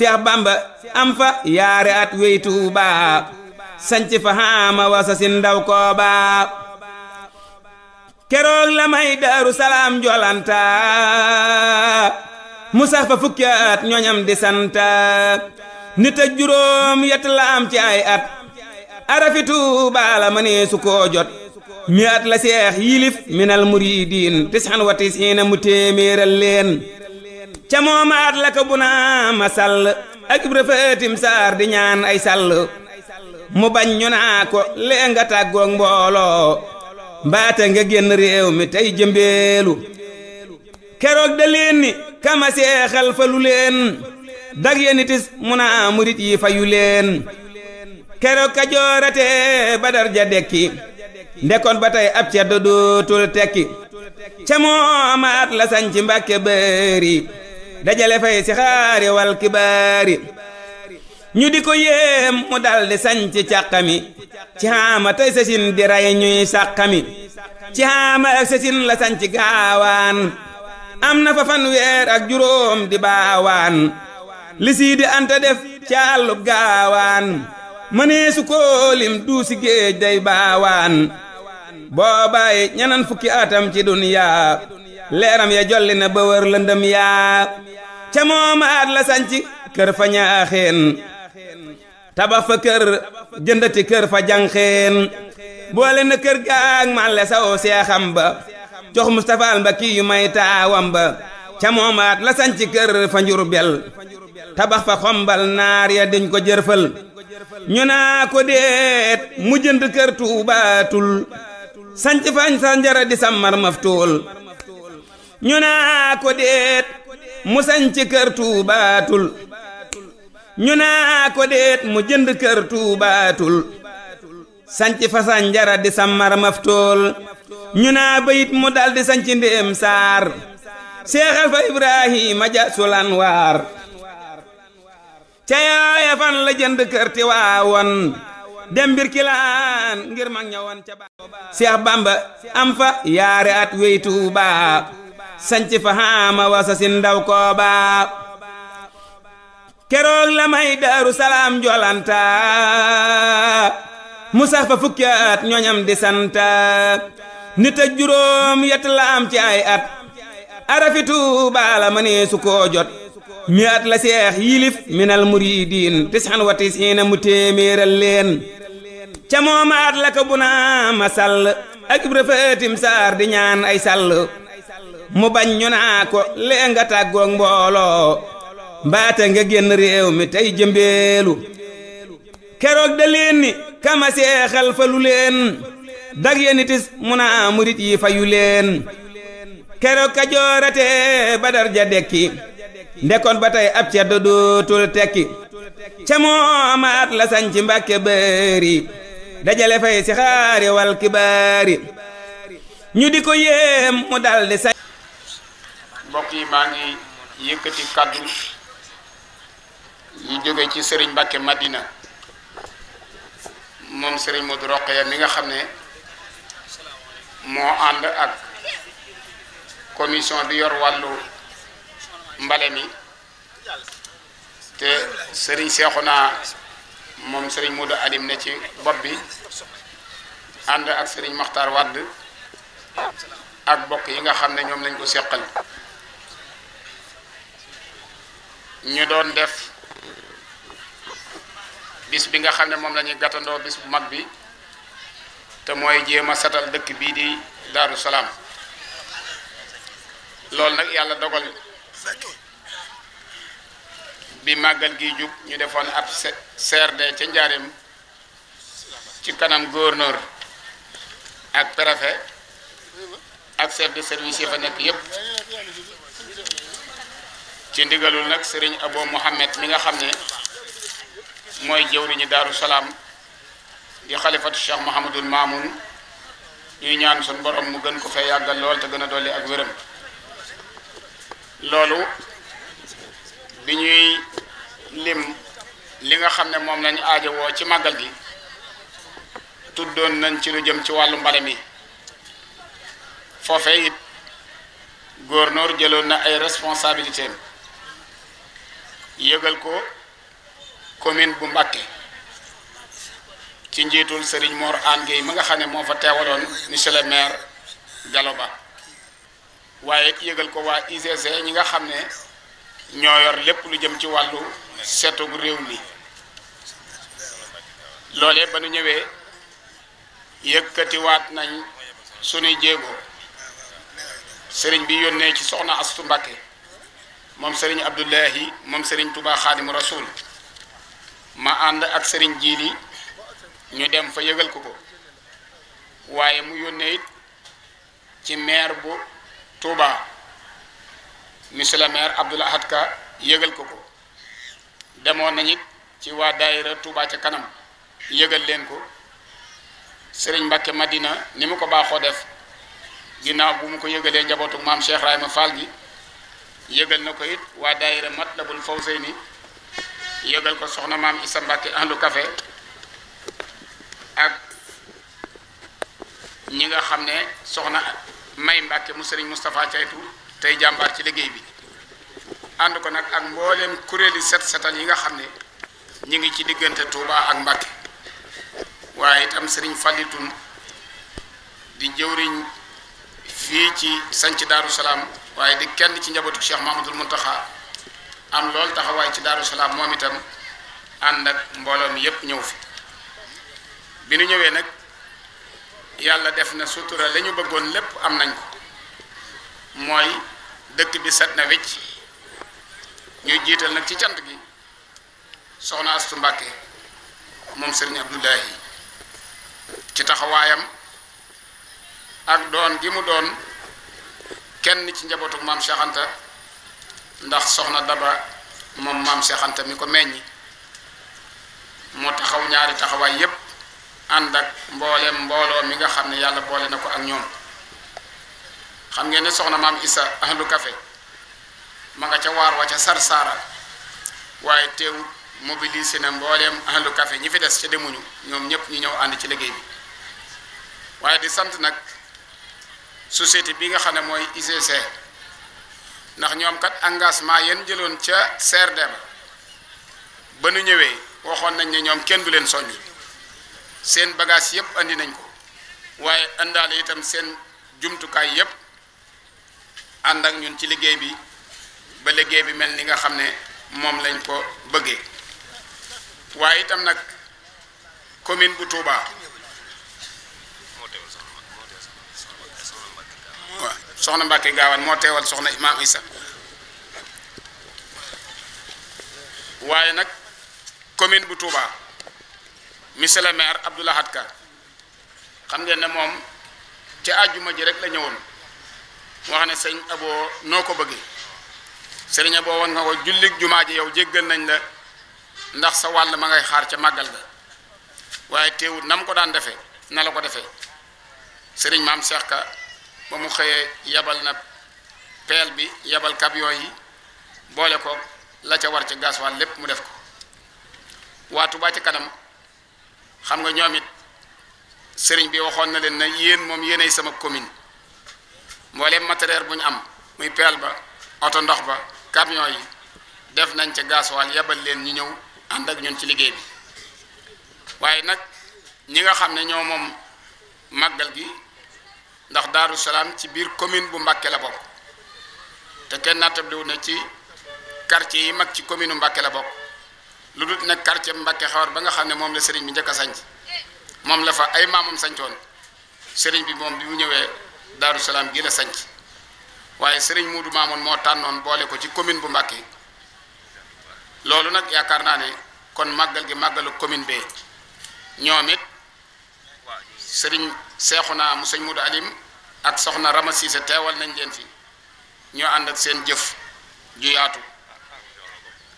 seex bamba am fa yaare at wey tuuba sanc fa haama wasa si ndaw kooba keroog la may daaru salaam jolanta musa fa fukki at ñoñam di santa juróom yett la am ci at arafi tuuba la mëneesu koo jot mi at la seex yilif minal muridiin tisxan wa tisxiina mu téeméeral leen ca moomaat la ko bu ma sàll ak Ibra Fatim ñaan ay sàll mu bañ ñu naa ko lee nga tàggoog mbooloo mbaate nga génn réew mi tey jëmbeelu keroog da ni kama seexal falu leen dag yenitis mu naa murit yi fayu leen keroog ka joorate badar ja dekki ndekoon ba tey ab ceddo dootul tekki ca moomaat la sañ ci dajale fay si xaari wal kibaari ñu di ko yéem mu daldi sañ ci càqami ci xaama tey sasin di rey ñuy sàqami ci xaama sasin la sañ ci gaawaan am na fa fanweer ak juróom di baawaan li anta def ci gaawaan mënee su koolim duu si géej day atam ci duniyaa leeram ya jolli na ba yaa ca moomaat la sanc kër fa ñaaxeen tabax fa kër jëndati kër fa janxeen boole na kër gaag màlle saw seexam ba jox Mustapha Mbakki yu may taawam ba ca moomaat la sanc kër fa njurbel tabax fa xombal naar ya diñ ko jërfal ñu naa ko deet mu jënd kër tuubaatul sanc fañ sa njara di sàmmar maftuul ñu naa ko deet mu sañ ci kër tuubaatul ñu naa ko déet mu jënd kër tuubaatul sañc fa sanjara di sammar maftool ñu naa bayit mu dal di sañc ndéem saar seexal fa ibrahima ja sulan waar ca yooya fan la jënd kër ti waawoon dem bir ngir mag ña woon ca baa seex am fa yaare at wey tuubaa sanc fa xaama wasa si ndaw kooba keroog la may daaru salaam jolanta mu sax fa fukki at ñoñam di santa nit ak juróom yett la am ci ay at arafitu baala ma ne su mi at la seex yilif minal muridiin tisxan wa tisxiina mu téeméeral leen ca mooma at la ko bu ma sàll ak ibra saar di ñaan ay sàll mu bañ ñu naa ko lee nga tàggoog mbooloo mbaate nga génn réew mi tey jëmbeelu keroog da leen ni kama seexal falu leen dag yenitis mu naa murit yi fayu leen keroog ka joorate badar ja dekki ndekoon ba tey ab ceddo dootul tekki ca moomaat la sañ ci mbàkke bëri dajale fay si xaari wal kibaari ñu di ko yéem mu daldi sañ mbokk yi maa ngi yëkkati kaddu yi jóge ci Serigne Mbacke Madina moom Serigne Modou Rokhaya mi nga xam ne moo ànd ak commission bi yor wàllu mbale mi te Serigne naa moom Serigne Modou Alim ne ci bopp bi ànd ak sëriñ Makhtar Wade ak bokk yi nga xam ne ñoom lañ ko seqal. ñu doon def bis bi nga xam ne moom lañuy ñuy gàttandoo bis bu mag bi te mooy jéem a setal dëkk bii di Daaru Salaam loolu nag yàlla dogal bi màggal gi jub ñu defoon ab CRD ca njaarim ci kanam gouverneur ak préfet ak chef de service yi fa nekk yépp ci ndigalul nag sëriñ Abo Mohamed mi nga xam ne mooy jëwriñu Daaru Salaam di xalifatu Cheikh Mouhamadul Mamoun ñuy ñaan sun borom mu gën ko fee yàggal lool te gën a dolli ak wéram loolu bi ñuy lim li nga xam ne moom lañu woo ci màggal gi tuddoon nañ ci lu jëm ci wàllu mbale mi foofe it góornóor jëloon na ay responsabilités yëgal ko commune bu Mbacké ci njiitul sëriñ Mor Anne Gueye mi nga xam ne moo fa teewaloon monsieur le maire Gallo Ba waaye yëgal ko waa UCG ñi nga xam ne ñoo yor lépp lu jëm ci wàllu setug réew mi loolee ba nu ñëwee yëkkatiwaat nañ sunuy jéego sëriñ bi yónnee ci soxna Astu Mbacké moom sëriñ Abdullahi moom sëriñ Touba Xaadimu Rasuul ma ànd ak sëriñ Jiili ñu dem fa yëgal ko ko waaye mu yónnee it ci maire bu Touba monsieur le maire Abdoul Ka yëgal ko ko demoon nañ it ci waa daayira Touba ca kanam yëgal leen ko sëriñ Mbàkke Madina ni mu ko baaxoo def ginnaaw bu mu ko yëgalee njabootu maam Cheikh Rahima Fall gi. yëgal na ko it waa daayira Matlabul Fawzayni yëgal ko soxna maam Issa Mbacke ahlu kafe ak ñi nga xam ne soxna May Mbacke mu sëriñ Moustapha Caytu tey jàmbaar ci liggéey bi ànd ko nag ak mbooleem kuréeli set setal yi nga xam ne ñu ngi ci diggante Touba ak Mbacke waaye itam sëriñ Fallitoun di jëwriñ fii ci sañc Daaru Salaam waaye di kenn ci njabootu Cheikh Mahmadul taxa am lool taxawaay ci Daaru Salaam moom itam ànd ak mbooloo mi yépp ñëw fi bi nu ñëwee nag yàlla def na sutura la ñu bëggoon lépp am nañ ko mooy dëkk bi set na wecc ñuy jiital nag ci cant gi soxna Astu Mbàkke moom sëriñ Abdoulahi ci taxawaayam ak doon gi mu doon kenn ci njabootu maam Cheikh ndax soxna Daba moom maam Cheikh Anta mi ko meññ moo taxaw ñaari taxawaay yépp ànd ak mboolem mbooloo mi nga xam ne yàlla boole na ko ak ñoom xam ngeen ne soxna maam Issa lu kafe ma nga ca waar wa ca Sarsara waaye teewut mobilisé na mbooleem ahlu kafe ñi fi des ca demuñu ñoom ñëpp ñu ñëw ànd ci liggéey bi waaye di sant nag. société bi nga xam ne mooy UCG ndax ñoom kat engagement yéen jëloon ca CRD ba ba nu ñëwee waxoon nañ ne ñoom kenn du leen soññ seen bagage yépp andi nañ ko waaye indaale itam seen jumtukaay yépp ànd ak ñun ci liggéey bi ba liggéey bi mel ni nga xam ne moom lañ ko bëggee waaye itam nag commune bu Touba. waaw soxna Mbacke gaawaan moo teewal soxna imaam Isa waaye nag commune bu Touba monsieur le maire Abdou Lahad xam ngeen ne moom ci àjjuma ji rek la ñëwoon wax ne sëñ aboo noo ko bëggee sëriñ aboo woon nga ko jullig jumaa ji yow jéggal nañ la ndax sa wàll ma ngay xaar ca màggal ga waaye teewut na mu ko daan defee na la ko defee sëriñ maam Cheikh Ka ba mu xëyee yabal na peel bi yabal camion yi boole ko la ca war ca gasoil lépp mu def ko waa Touba ca kanam xam nga ñoom it sëriñ bi waxoon na leen na yéen moom yéenay sama commune mbooleem matériel bu ñu am muy peel ba oto ndox ba camion yi def nañ ca gasoil yabal leen ñu ñëw ànd ak ñun ci liggéey bi waaye nag ñi nga xam ne ñoo moom màggal gi ndax Daaru Salaam ci biir commune bu Mbàkke la bokk te kenn nattabliwu ne ci quartier yi mag ci commune Mbàkke la bokk lu dul nag quartier Mbàkke xawar ba nga xam ne moom la sëriñ bi njëkk a sanc moom la fa ay maamam sancoon sëriñ bi moom bi mu ñëwee Daaru Salaam gi la sanc waaye sëriñ Muudu Maamoon moo tànnoon boole ko ci commune bu Mbàkke loolu nag yaakaar naa ne kon màggal gi màggalu commune bee ñoomit sëriñ naa mu sëñ Mudu Alim ak soxna Rama teewal nañ leen fi ñoo ànd ak seen jëf ju yaatu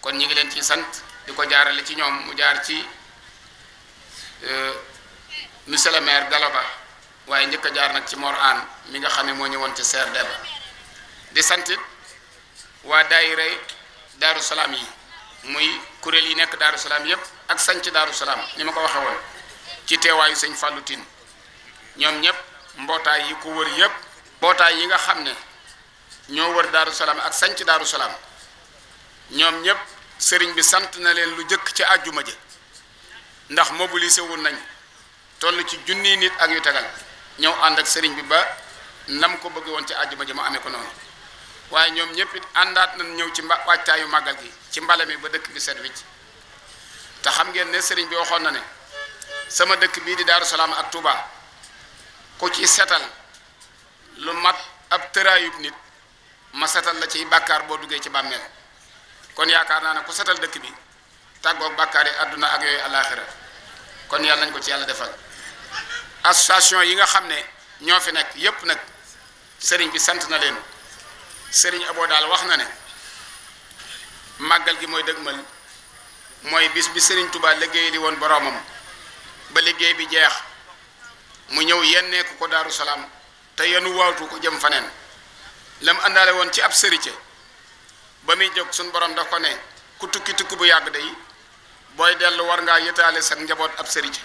kon ñi ngi leen ci sant di ko jaarale ci ñoom mu jaar ci euh, monsieur le maire Galaba waaye njëkk jaar nag ci Mor An mi nga xam ne moo ñëwoon ci CRD ba di sant it waa daayira Daaru Salaam yi muy kuréel yi nekk Daaru Salaam yépp ak sanc Daaru Salaam ni ma ko waxee woon ci teewaayu sëñ Fallou Tine ñoom ñëpp mbootaay yi ko wër yépp mbootaay yi nga xam ne ñoo wër daaru salaam ak sanc daaru salaam ñoom ñëpp sëriñ bi sant na leen lu jëkk ci àjjuma ji ndax mobilisé wu nañ toll ci junniy nit ak yu tegal ñëw ànd ak sëriñ bi ba nam ko bëggee woon ci àjjuma ji mu amee ko noonu waaye ñoom ñëpp it àndaat nañ ñëw ci mba wàccaayu màggal gi ci mbala mi ba dëkk bi set wicc te xam ngeen ne sëriñ bi waxoon na ne sama dëkk bii di daaru salaam ak tubaa ku ci setal lu mat ab tëraayub nit ma setal la ciy bàkkaar boo duggee ci bàmmeel kon yaakaar naa ne ku setal dëkk bi tàggoog bàkkaar yi àdduna ak yooyu alaaxira kon yàlla nañ ko ci yàlla defal association yi nga xam ne ñoo fi nekk yépp nag sëriñ bi sant na leen sëriñ aboo daal wax na ne màggal gi mooy dëgmal mooy bis bi sëriñ Touba liggéey li woon boroomam ba liggéey bi jeex mu ñëw yenneeku ko daaru salaam te yenu waatu ko jëm faneen lam àndaale woon ci ab sërite ba muy jóg suñ borom daf ko ne ku tukki tukki bu yàgg day booy dellu war ngaa yëtaale sa njaboot ab sërite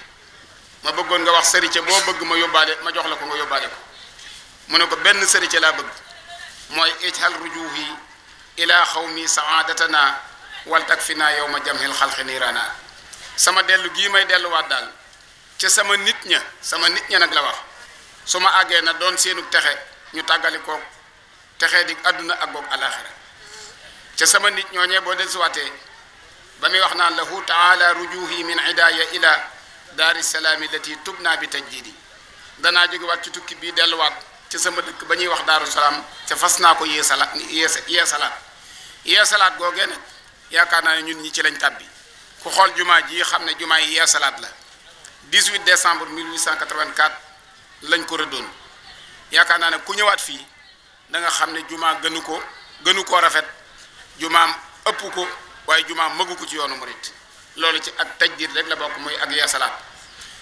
ma bëggoon nga wax sërite boo bëgg ma yóbbaale ma jox la ko nga yóbbaale ko mu ne ko benn sërite laa bëgg mooy ijhal rujuhi ila xawmi saadatana wal takfina yow ma jamhil xalqi sama dellu gii may delluwaat daal ca sama nit ña sama nit ña nag la wax su ma àggee na doon seenu texe ñu tàggali koog texe di àdduna ak boog alaxira ca sama nit ñooñee boo del suwaatee ba muy wax naan lahu taala rujuhi min idaaya ila daari salaami lati naa bi tajdidi danaa jógewaat ci tukki bii delluwaat ci sama dëkk ba ñuy wax daaru salaam ca fas naa ko yeesalaat yeesa yeesalaat yeesalaat googee nag yaakaar naa ne ñun ñi ci lañ tàbbi ku xool jumaa ji xam ne jumaa yi yeesalaat la 18 décembre 1884 lañ ko rëddoon yaakaar naa ne ku ñëwaat fii da nga xam ne jumaa gënu ko gënu koo rafet jumaam ëpp ko waaye jumaam mëgu ko ci yoonu murit loolu ci ak tajdiid rek la bokk muy ak yeesalaat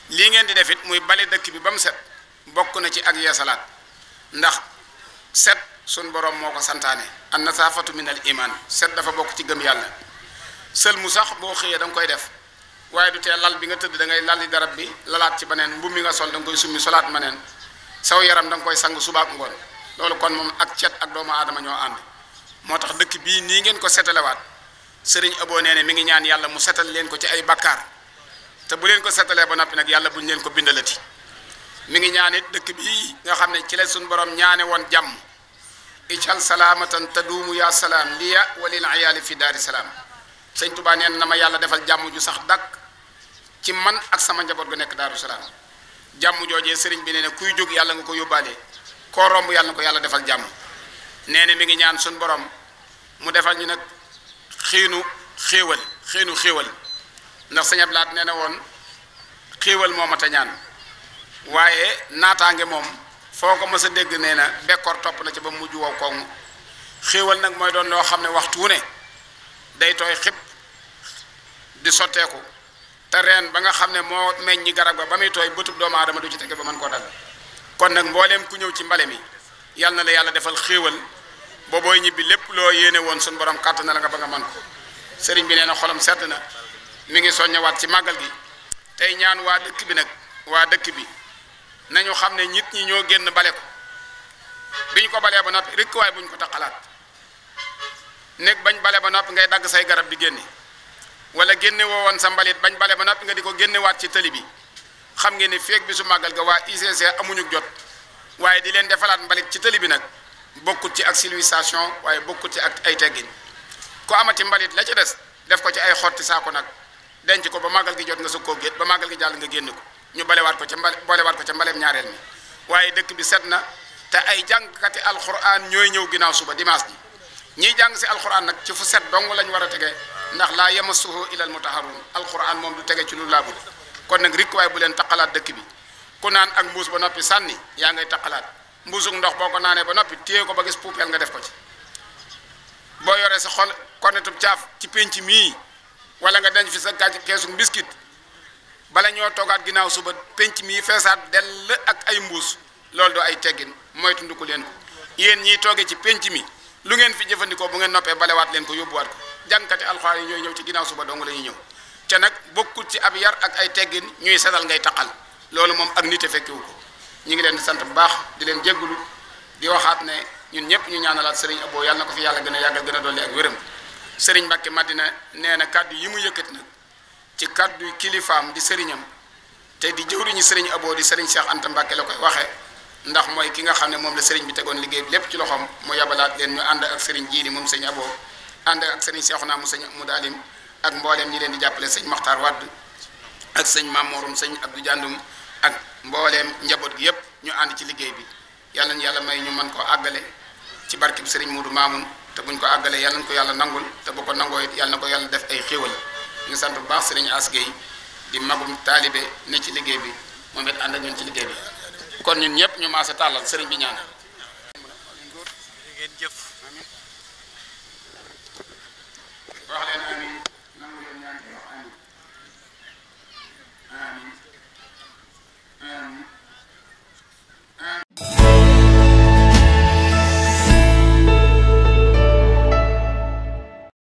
lii ngeen di def it muy bale dëkk bi ba mu set bokk na ci ak yeesalaat ndax set sun borom moo ko santaane an nasaafatu min al iman set dafa bokk ci gëm yàlla sël mu sax boo xëyee danga koy def waaye du tee lal bi nga tëdd dangay ngay lal di darab bi lalaat ci beneen mbubb mi nga sol da nga koy summi solaat beneen saw yaram danga koy sang suba ak ngoon loolu kon moom ak cet ak doomu aadama ñoo ànd moo tax dëkk bii nii ngeen ko setalewaat sëriñ Abo nee ne mi ngi ñaan yàlla mu setal leen ko ci ay bakkaar te bu leen ko setalee ba noppi nag yàlla buñ leen ko bindalati mi ngi ñaan dëkk bii nga xam ne ci la borom ñaane woon jàmm ical salaamatan taduumu yaa salaam liya walil ayaali fi daari salaam sëñ Tuubaa neen na ma yàlla defal jàmm ju sax dàkk ci man ak sama njaboot gu nekk Daaru Salaam jàmm joojee sëriñ bi nee na kuy jóg yàlla nga ko yóbbaale koo romb yàlla na ko yàlla defal jàmm nee na mi ngi ñaan suñu borom mu defal ñu nag xiinu xéewal xiinu xéewal ndax sëñ Ablaat nee na woon xéewal moo mat a ñaan waaye naataange moom foo ko mës a dégg nee na bekkoor topp na ci ba mu mujj wow koŋŋ xéewal nag mooy doon loo xam ne waxtu ne day tooy xib di sotteeku te reen ba nga xam ne moo meññi garab ba ba muy tooy bëtub doomu aadama du ci tege ba mën koo dal kon nag mbooleem ku ñëw ci mbale mi yal na la yàlla defal xéewal boobooy ñibbi lépp loo yéene woon suñu boroom kàtt na la nga ba nga man ko sëriñ bi nee na xolam sedd na mi ngi soññawaat ci màggal gi tey ñaan waa dëkk bi nag waa dëkk bi nañu xam ne nit ñi ñoo génn bale ko bi ñu ko balee ba noppi rek waaye bu ñu ko tax taxalaat nekk bañ bale ba noppi ngay dagg say garab di génne. wala génne woo sa mbalit bañ bale ba noppi nga di ko génnewaat ci tëli bi xam ngeen ni feeg bi su màggal ga waa ICC amuñu jot waaye di leen defalaat mbalit ci tëli bi nag bokkut ci ak civilisation waaye bokkut ci ak ay teggin ku amati mbalit la ci des def ko ci ay xotti saako nag denc ko ba màggal gi jot nga sug koo génn ba màggal gi jàll nga génn ko ñu balewaat ko ca mbale boolewaat ko ci mbaleem ñaareel mi waaye dëkk bi set na te ay jàngkati alquran ñooy ñëw ginnaaw suba dimanche bi ñiy jàng si alquran nag ci fu set dong lañ war a tegee ndax laa yamassuhu ilal mutahharun alquran moom du tege ci lu laabul kon nag rikk waay bu leen taqalaat dëkk bi ku naan ak mbuus ba noppi sànni yaa ngay taqalaat mbuusuk ndox boo ko naanee ba noppi téye ko ba gis poubelle nga def ko ci boo yoree sa xol konetub caaf ci pénc mii wala nga denc fi sa gàncax keesu mbiskit bala ñoo toogaat ginnaaw suba pénc mii feesaat dell ak ay mbuus loolu doo ay teggin mooy tundu ko leen ko yéen ñiy toogee ci pénc mi lu ngeen fi jëfandikoo bu ngeen noppee balewaat leen ko yóbbuwaat ko jàngkati alxuraan yi ñooy ñëw ci ginnaaw suba dong la ñuy ñëw te nag bokkul ci ab yar ak ay teggin ñuy setal ngay taqal loolu moom ak nite fekkiwu ko ñu ngi leen di sant bu baax di leen jéggulu di waxaat ne ñun ñëpp ñu ñaanalaat sëriñ Abo yàlla na ko fi yàlla gën a yàggal gën a dolli ak wéram sëriñ Mbàkke Madina nee na kàddu yi mu yëkkati nag ci kàddu kilifaam di sëriñam te di jëwriñu sëriñ Abo di sëriñ Cheikh Anta Mbàkke la koy waxee ndax mooy ki nga xam ne moom la sëriñ bi tegoon liggéey bi lépp ci loxoom mu yabalaat leen ànd ak sëriñ Jiili moom sëriñ Abo ànd ak sëriñ Seexuna mu sëñ mu daalim ak mbooleem ñi leen di jàppale sëñ Maxtaar Wadd ak sëñ Mamorum sëñ du Jàndum ak mbooleem njaboot gi yépp ñu ànd ci liggéey bi yàlla ñu yàlla may ñu mën koo àggale ci barkib sëriñ Muudu Maamun te buñ ko àggalee yàlla nañ ko yàlla nangul te bu ko nangoo it yàlla na ko yàlla def ay xéewal ñu sant bu baax sëriñ As Gueye di magum taalibe ne ci liggéey bi moom ànd ak ñun ci liggéey bi kon ñun ñëpp ñu maase tàllal sëriñ bi ñaan